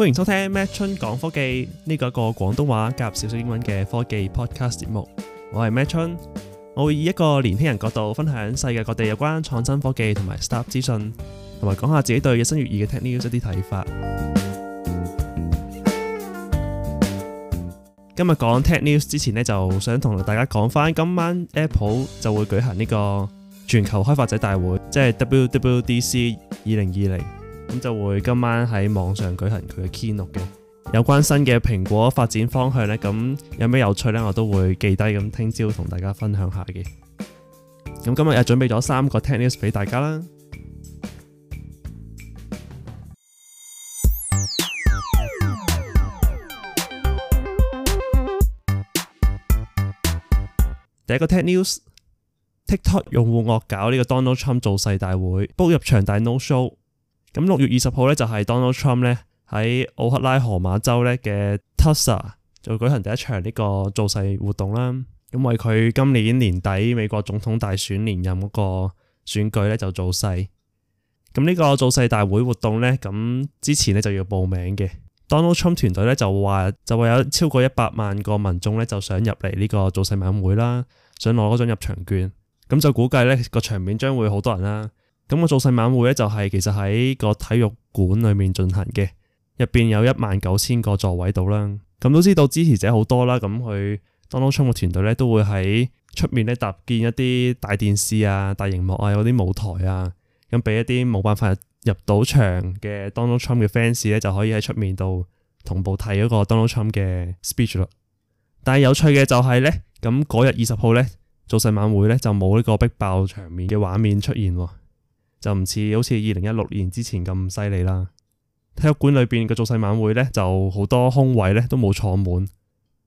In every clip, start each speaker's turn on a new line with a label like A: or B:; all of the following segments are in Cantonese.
A: 歡迎收聽 Matt 春講科技呢、呢個一個廣東話夾少少英文嘅科技 podcast 節目。我係 Matt 春，我會以一個年輕人角度分享世界各地有關創新科技同埋 startup 資訊，同埋講下自己對日新月異嘅 tech news 一啲睇法。今日講 tech news 之前呢，就想同大家講返，今晚 Apple 就會舉行呢個全球開發者大會，即係 WWDC 二零二零。咁就會今晚喺網上舉行佢嘅 keynote 嘅有關新嘅蘋果發展方向呢。咁有咩有趣呢？我都會記低咁，聽朝同大家分享下嘅。咁今日又準備咗三個 tech news 俾大家啦。第一個 tech news，TikTok 用戶惡搞呢個 Donald Trump 造勢大會，book 入場大 no show。咁六月二十號咧就係、是、Donald Trump 咧喺奧克拉荷馬州咧嘅 Tulsa 就舉行第一場呢個造勢活動啦，咁為佢今年年底美國總統大選連任嗰個選舉咧就造勢。咁呢個造勢大會活動咧，咁之前咧就要報名嘅。Donald Trump 團隊咧就話就話有超過一百萬個民眾咧就想入嚟呢個造勢晚會啦，想攞嗰張入場券。咁就估計咧個場面將會好多人啦。咁個造勢晚會咧就係其實喺個體育館裏面進行嘅，入邊有一萬九千個座位度啦。咁都知道支持者好多啦，咁佢 Donald Trump 嘅團隊咧都會喺出面咧搭建一啲大電視啊、大熒幕啊、有啲舞台啊，咁俾一啲冇辦法入，入到場嘅 Donald Trump 嘅 fans 咧就可以喺出面度同步睇嗰個 Donald Trump 嘅 speech 啦。但係有趣嘅就係咧，咁嗰日二十號咧造勢晚會咧就冇呢個逼爆場面嘅畫面出現喎。就唔似好似二零一六年之前咁犀利啦。體育館裏邊嘅造勢晚會呢，就好多空位呢都冇坐滿。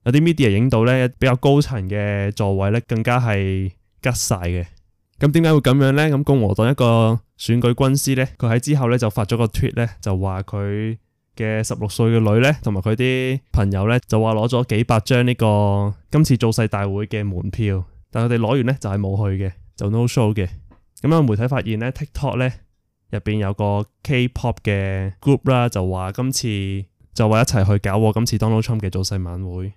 A: 有啲 media 影到呢，比較高層嘅座位呢更加係吉晒嘅。咁點解會咁樣呢？咁共和黨一個選舉軍師呢，佢喺之後呢就發咗個 tweet 呢，就話佢嘅十六歲嘅女呢，同埋佢啲朋友呢，就話攞咗幾百張呢個今次造勢大會嘅門票，但佢哋攞完呢，就係冇去嘅，就 no show 嘅。咁有媒體發現咧，TikTok 咧入邊有個 K-pop 嘅 group 啦，就話今次就話一齊去搞喎，今次 Donald Trump 嘅造勢晚會，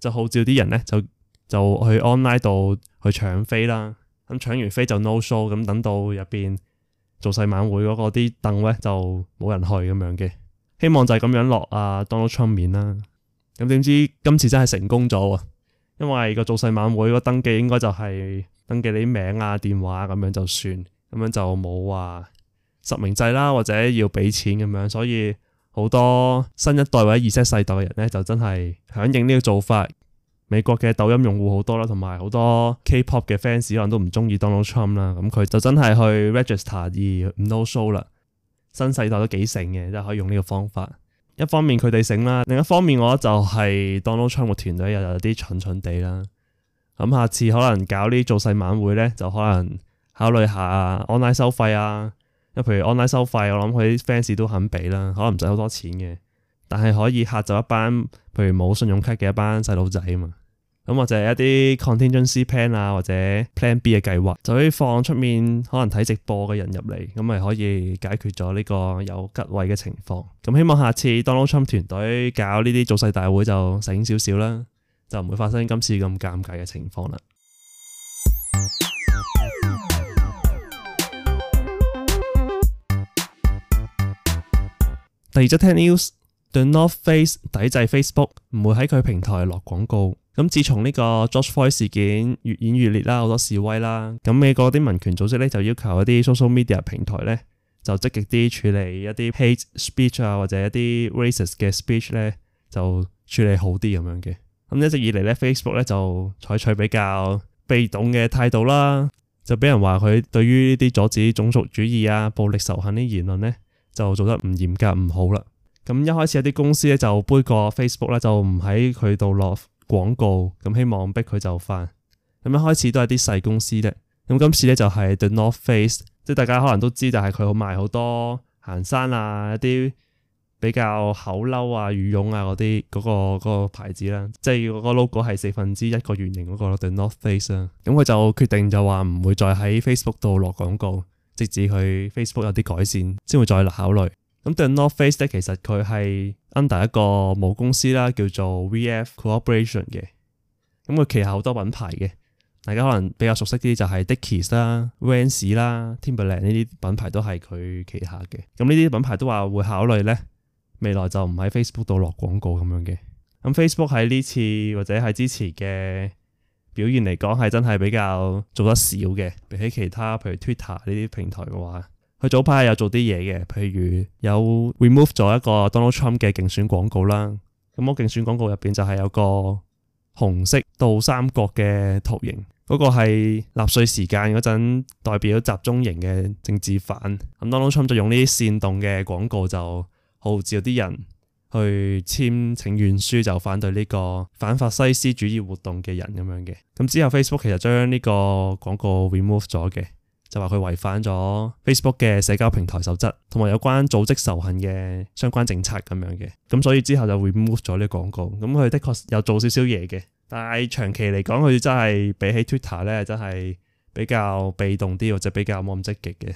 A: 就號召啲人咧就就去 online 度去搶飛啦。咁搶完飛就 no show，咁等到入邊造勢晚會嗰個啲凳咧就冇人去咁樣嘅，希望就係咁樣落啊 Donald Trump 面啦。咁點知今次真係成功咗啊！因為個造勢晚會個登記應該就係、是。登記你啲名啊、電話咁樣就算，咁樣就冇話實名制啦，或者要俾錢咁樣，所以好多新一代或者 Z 世代嘅人咧，就真係響應呢個做法。美國嘅抖音用戶好多啦，同埋好多 K-pop 嘅 fans 可能都唔中意 Donald Trump 啦，咁佢就真係去 register 而 no show 啦。新世代都幾醒嘅，即係可以用呢個方法。一方面佢哋醒啦，另一方面我覺得就係 Donald Trump 個團隊又有啲蠢蠢地啦。咁下次可能搞呢啲造勢晚會咧，就可能考慮下 online 收費啊，因為譬如 online 收費，我諗佢啲 fans 都肯俾啦，可能唔使好多錢嘅，但係可以嚇走一班譬如冇信用卡嘅一班細路仔啊嘛。咁或者係一啲 contingency plan 啊，或者 plan B 嘅計劃，就可以放出面可能睇直播嘅人入嚟，咁咪可以解決咗呢個有吉位嘅情況。咁希望下次 Donald Trump 團隊搞呢啲造勢大會就醒少少啦。就唔會發生今次咁尷尬嘅情況啦。第二則聽 news，The North Face 抵制 Facebook，唔會喺佢平台落廣告。咁自從呢個 George Floyd 事件越演越烈啦，好多示威啦。咁美國啲民權組織咧就要求一啲 social media 平台咧就積極啲處理一啲 hate speech 啊，或者一啲 racist 嘅 speech 咧就處理好啲咁樣嘅。咁一直以嚟咧，Facebook 咧就採取比較被動嘅態度啦，就俾人話佢對於呢啲阻止種族主義啊、暴力仇恨啲言論咧，就做得唔嚴格唔好啦。咁一開始有啲公司咧就杯葛 Facebook 咧就唔喺佢度落廣告，咁希望逼佢就範。咁一開始都係啲細公司咧，咁今次咧就係 The North Face，即係大家可能都知，就係佢好賣好多行山啊一啲。比較厚褸啊、羽絨啊嗰啲嗰個牌子啦，即係個 logo 係四分之一個圓形嗰個 The North Face 啦，咁、嗯、佢就決定就話唔會再喺 Facebook 度落廣告，直至佢 Facebook 有啲改善先會再考慮。咁 The North Face 咧，其實佢係 under 一個母公司啦，叫做 VF Corporation 嘅。咁佢旗下好多品牌嘅，大家可能比較熟悉啲就係 Dickies 啦、Vans 啦、Timberland 呢啲品牌都係佢旗下嘅。咁呢啲品牌都話會考慮咧。未來就唔喺 Facebook 度落廣告咁樣嘅。咁 Facebook 喺呢次或者喺之前嘅表現嚟講，係真係比較做得少嘅，比起其他譬如 Twitter 呢啲平台嘅話，佢早排有做啲嘢嘅，譬如有 remove 咗一個 Donald Trump 嘅競選廣告啦。咁我競選廣告入邊就係有個紅色倒三角嘅圖形，嗰、那個係納稅時間嗰陣代表集中營嘅政治犯。咁。Donald Trump 就用呢啲煽動嘅廣告就。號召啲人去簽請願書，就反對呢個反法西斯主義活動嘅人咁樣嘅。咁之後 Facebook 其實將呢個廣告 remove 咗嘅，就話佢違反咗 Facebook 嘅社交平台守則同埋有，有關組織仇恨嘅相關政策咁樣嘅。咁所以之後就 remove 咗呢個廣告。咁佢的確有做少少嘢嘅，但係長期嚟講，佢真係比起 Twitter 咧，真係比較被動啲，或者比較冇咁積極嘅。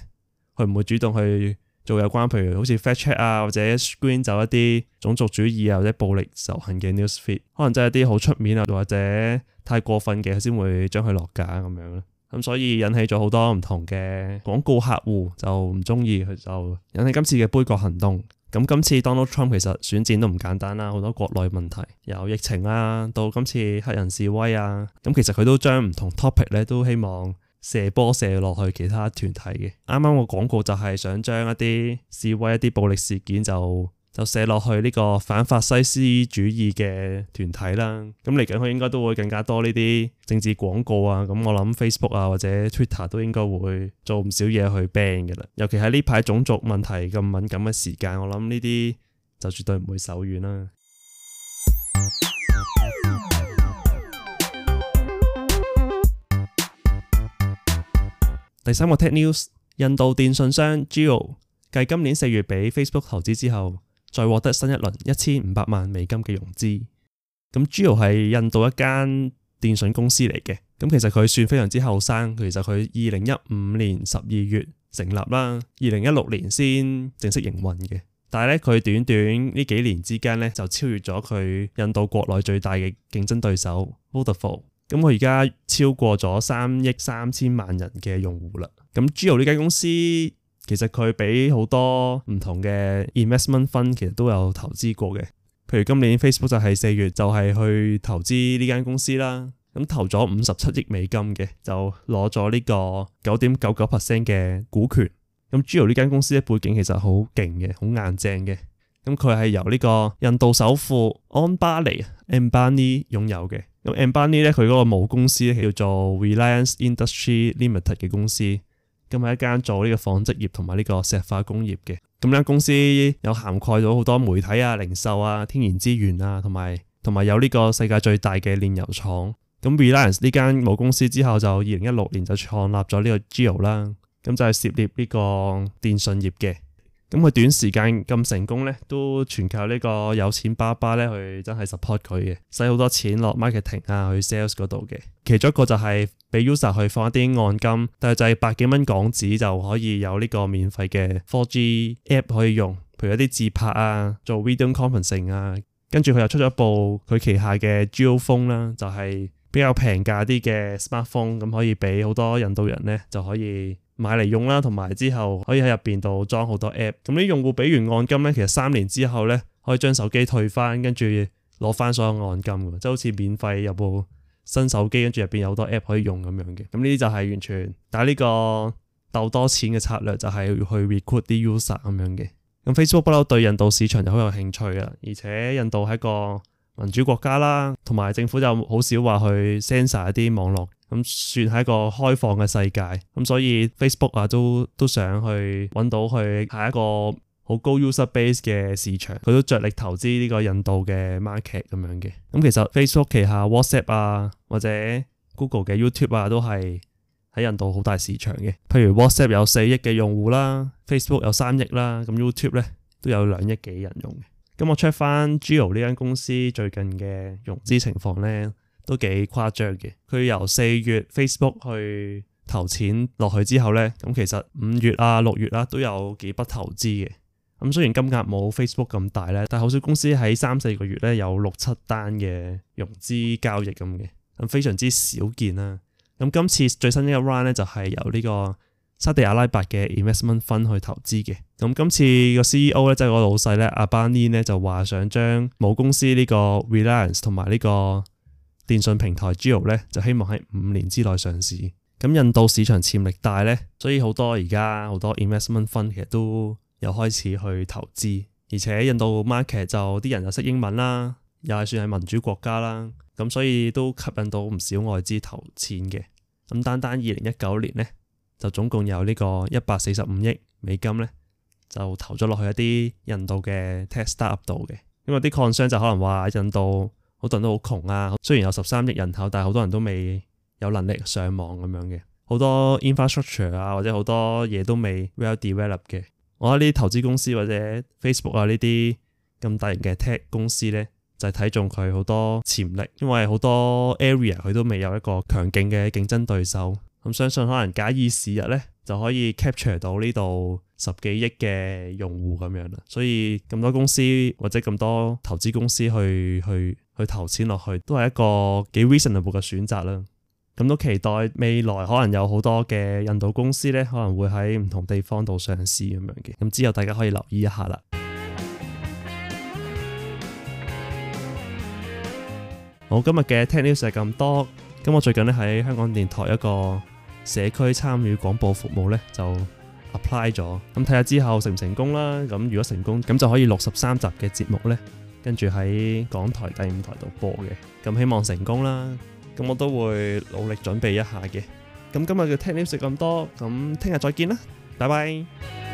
A: 佢唔會主動去。做有關譬如好似 fact check 啊或者 screen 走一啲種族主義啊或者暴力仇恨嘅 news feed，可能真係一啲好出面啊或者太過分嘅先會將佢落架咁、啊、樣咯。咁所以引起咗好多唔同嘅廣告客戶就唔中意佢，就引起今次嘅杯葛行動。咁今次 Donald Trump 其實選戰都唔簡單啦、啊，好多國內問題，由疫情啊，到今次黑人示威啊，咁其實佢都將唔同 topic 咧都希望。射波射落去其他團體嘅，啱啱個廣告就係想將一啲示威一啲暴力事件就就射落去呢個反法西斯主義嘅團體啦。咁嚟緊佢應該都會更加多呢啲政治廣告啊。咁我諗 Facebook 啊或者 Twitter 都應該會做唔少嘢去 ban 嘅啦。尤其係呢排種族問題咁敏感嘅時間，我諗呢啲就絕對唔會手軟啦。 第三個 tech news，印度電信商 Jio 繼今年四月俾 Facebook 投資之後，再獲得新一輪一千五百萬美金嘅融資。咁 Jio 係印度一間電訊公司嚟嘅，咁其實佢算非常之後生，其實佢二零一五年十二月成立啦，二零一六年先正式營運嘅。但係咧，佢短短呢幾年之間咧，就超越咗佢印度國內最大嘅競爭對手 Vodafone。咁我而家超過咗三億三千萬人嘅用戶啦。咁 Jio 呢間公司其實佢俾好多唔同嘅 investment fund，其實都有投資過嘅。譬如今年 Facebook 就係四月就係去投資呢間公司啦。咁投咗五十七億美金嘅，就攞咗呢個九點九九 percent 嘅股權。咁 Jio 呢間公司嘅背景其實好勁嘅，好硬正嘅。咁佢係由呢個印度首富安巴尼 Ambani 擁有嘅。咁 Ambani 咧，佢嗰、e、個母公司叫做 Reliance Industry Limited 嘅公司，咁係一間做呢個紡織業同埋呢個石化工業嘅。咁呢間公司有涵蓋咗好多媒體啊、零售啊、天然資源啊，同埋同埋有呢個世界最大嘅煉油廠。咁 Reliance 呢間母公司之後就二零一六年就創立咗呢個 Jio 啦，咁就係涉獵呢個電信業嘅。咁佢短時間咁成功呢，都全靠呢個有錢爸爸呢去真係 support 佢嘅，使好多錢落 marketing 啊，去 sales 嗰度嘅。其中一個就係俾 user 去放一啲按金，但係就係百幾蚊港紙就可以有呢個免費嘅 4G app 可以用，譬如一啲自拍啊，做 video conferencing 啊。跟住佢又出咗部佢旗下嘅 JioPhone 啦，就係比較平價啲嘅 smartphone，咁可以俾好多印度人呢就可以。買嚟用啦，同埋之後可以喺入邊度裝好多 app。咁啲用戶俾完按金咧，其實三年之後咧可以將手機退翻，跟住攞翻所有按金嘅，即係好似免費有部新手機，跟住入邊有好多 app 可以用咁樣嘅。咁呢啲就係完全，但係呢個鬥多錢嘅策略就係、是、去 recruit 啲 user 咁樣嘅。咁 Facebook 不嬲對印度市場就好有興趣啊，而且印度係一個民主國家啦，同埋政府就好少話去 censor 一啲網絡。咁算係一個開放嘅世界，咁所以 Facebook 啊，都都想去揾到去下一個好高 user base 嘅市場，佢都着力投資呢個印度嘅 market 咁樣嘅。咁、嗯、其實 Facebook 旗下 WhatsApp 啊，或者 Google 嘅 YouTube 啊，都係喺印度好大市場嘅。譬如 WhatsApp 有四億嘅用戶啦，Facebook 有三億啦，咁 YouTube 咧都有兩億幾人用嘅。咁、嗯嗯、我 check 翻 Jio 呢間公司最近嘅融資情況咧。都幾誇張嘅。佢由四月 Facebook 去投錢落去之後呢，咁其實五月啊、六月啦、啊、都有幾筆投資嘅。咁雖然金額冇 Facebook 咁大咧，但係好少公司喺三四個月呢有六七單嘅融資交易咁嘅，咁非常之少見啦。咁今次最新一 round 咧就係由呢個沙地阿拉伯嘅 investment 分去投資嘅。咁今次個 CEO 呢，即係我老細呢，阿班尼呢，就話想將母公司呢個 Reliance 同埋、這、呢個。電信平台 Jio 咧就希望喺五年之內上市。咁印度市場潛力大咧，所以好多而家好多 investment fund 其實都有開始去投資。而且印度 market 就啲人又識英文啦，又係算係民主國家啦，咁所以都吸引到唔少外資投錢嘅。咁單單二零一九年咧，就總共有呢個一百四十五億美金咧，就投咗落去一啲印度嘅 tech startup 度嘅。因為啲礦商就可能話喺印度。好多人都好窮啊，雖然有十三億人口，但係好多人都未有能力上網咁樣嘅，好多 infrastructure 啊或者好多嘢都未 well develop 嘅。我覺得呢啲投資公司或者 Facebook 啊呢啲咁大型嘅 tech 公司呢，就係睇中佢好多潛力，因為好多 area 佢都未有一個強勁嘅競爭對手。咁相信可能假以時日呢，就可以 capture 到呢度十幾億嘅用戶咁樣啦。所以咁多公司或者咁多投資公司去去。去投錢落去都係一個幾 reasonable 嘅選擇啦。咁都期待未來可能有好多嘅印度公司咧，可能會喺唔同地方度上市咁樣嘅。咁之後大家可以留意一下啦。 好，今日嘅 tech news 就咁多。咁我最近咧，喺香港電台一個社區參與廣播服務呢，就 apply 咗。咁睇下之後成唔成功啦。咁如果成功，咁就可以六十三集嘅節目呢。跟住喺港台第五台度播嘅，咁希望成功啦，咁我都會努力準備一下嘅，咁今日嘅聽點食咁多，咁聽日再見啦，拜拜。